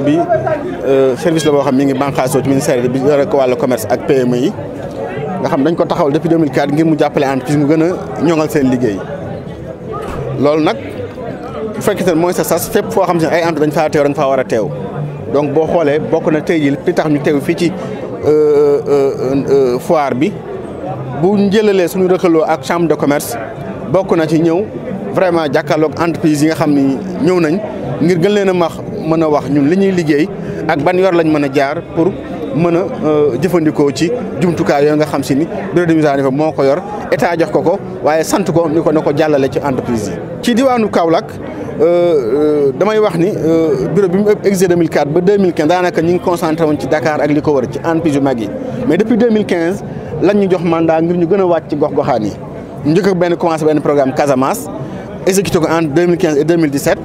bureau bi euh, service la boo xam mi ngi bànqaasoo ci ministère bi yore ko commerce ak PME yi nga xam dañ ko taxawal depuis 2004 ngir mu jàppale entreprise mu gëna ñongal seen liggéey lool nak bu fekkee moy mooy sa sas fépp foo xam ne ay entre dañ fa teew dañ faa war a donc bo xolé bokku na tay jii li tax ñu teew fi ci euh euh euh foire bi bu njëlalee suñu rëkkaloo ak chambre de commerce bokku na ci ñëw vraiment jakkalok entreprise yi nga xam ni ñëw nañ ngir gën leen a max mën a wax ñun li ñuy liggéey ak ban yor lañ mën a jaar pour mën a euh, jëfandikoo ci jumtukaay yooyu nga xam si ni bureau de mise en œuvre moo ko yor état jox ko ko waaye sant ko ni ko na ko jàllale ci entreprise yi. ci diwaanu Kaolack euh, euh, damay wax ni bureau bi mu exé ba daanaka ñu ngi concentré woon ci Dakar ak li ko wër ci entreprise yu mag yi mais depuis 2015 jox mandat ngir ñu gën a wàcc ci gox-goxaan yi njëkk benn commencé benn programme Casamance exécuté ko entre 2015 et 2017.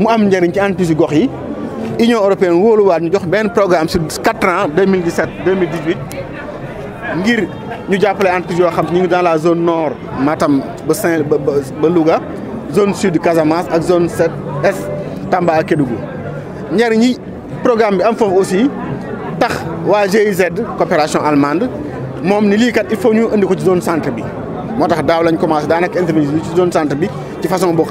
mu am njëriñ ci entreprise gox yi Union européenne wat ñu jox ben programme sur quatre ans 2017 2018 ngir ñu jappalé anti yo xam ñu ngi dans la zone nord Matam ba Saint ba Louga zone sud Casamance ak zone sept est Tamba ak Kédougou njëriñ programme bi am fofu aussi tax wa GIZ coopération allemande mom ni li kat il faut ñu andi ko ci zone centre bi motax daw lañ commencé danaka intervenir ci zone centre bi ci façon bokk.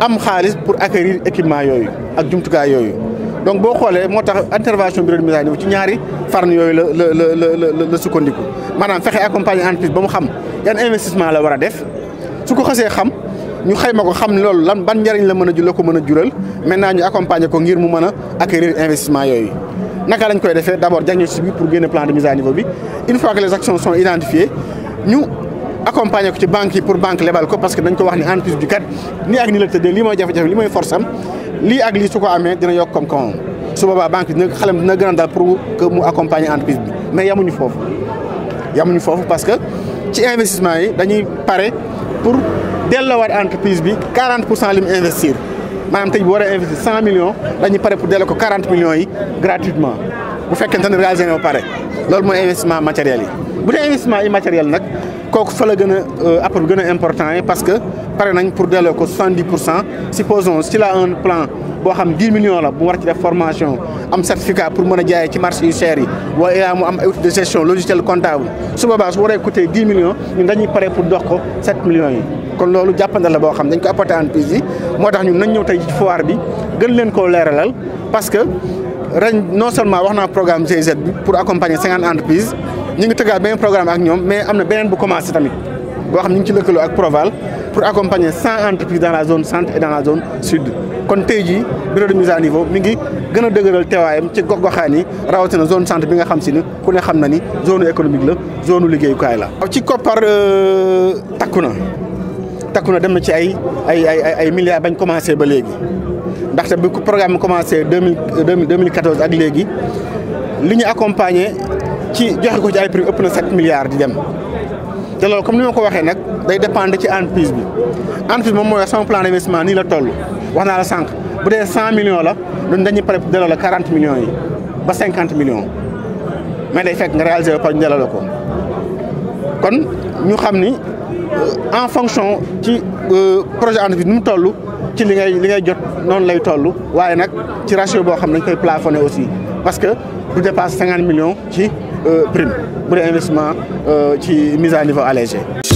am pour acquérir équipement ak donc boo xoolee intervention bureau ci ñaari farn la la la le la sukkandiku accompagner entreprise investissement la war def su xam ñu xam acquérir investissement Nous avons lañ koy defee d' plan de mise à niveau une fois que les actions sont identifiées ñu accompagner ko ci banque pour banque lebal ko parce que dañ ko wax ni entreprise bi kat nii ak ni la tëddee li moy jafe-jafe li moy force am lii ak li suko amé dina yok comme koomam su baba banque bi xalam dina gën dal pour que mu accompagner entreprise bi mais yamuñu fofu yamuñu fofu parce que ci investissement yi dañuy paré pour delloowaat entreprise bi 40 pour li mu investir manam tej bu wara investir 100 millions dañuy paré pour délo ko 40 millions yi gratuitement bu fekkente ne réalisé na ba pare loolu mooy investissement matériel yi bu dee investissement immatériel nag kooku fa la gën a euh, apport gën a important yi parce que pare nañ pour delloo ko 70 pour cent supposons s'il a un plan boo xam 10 millions la bu war ci def formation am certificat pour mën a jaayee ci marché yu cher yi wala il mu am de gestion logiciel comptable su boobaa su waree coûter 10 millions ñun dañuy pare pour dox ko 7 millions yi. kon loolu jàppandal la boo xam dañ ko apporter entreprise yi moo tax ñun nañ ñëw tey ci foire bi gën leen koo leeralal parce que non seulement wax programme GIZ pour accompagner 50 entreprises nous ngi un programme ak mais am na beneen bu commencé tamit boo xam ñu de ci Proval pour accompagner 100 entreprises dans la zone centre et dans la zone sud. kon tey le bureau de mise à niveau mi ngi gën a dëgëral teewaayam ci gox-goxaan yi la zone centre bi nga xam si ni ku ne zone économique la zone où la. waaw ci koppar Takuna. Euh, Takuna, takku TAKUNA, dem na ci ay ay ay ay milliards bañ commencé ba parce le programme a commencé en 2014 à les l'Union accompagnée qui a pris 7 milliards. Comme nous l'avons dit, ça dépend de l'ANPIS. L'ANPIS, c'est un plan d'investissement, ni On a 5. Si 100 millions, nous avons pris 40 millions. 50 millions. Mais nous faits ne réalisent pas de nous savons en fonction du euh, projet de nous ci li ngay li ngay jot non lay tollu waye vous ci ratio plafonner xam koy aussi parce que vous dépasse 50 millions ci euh, prime pour les investissements euh, ci mise à niveau allégé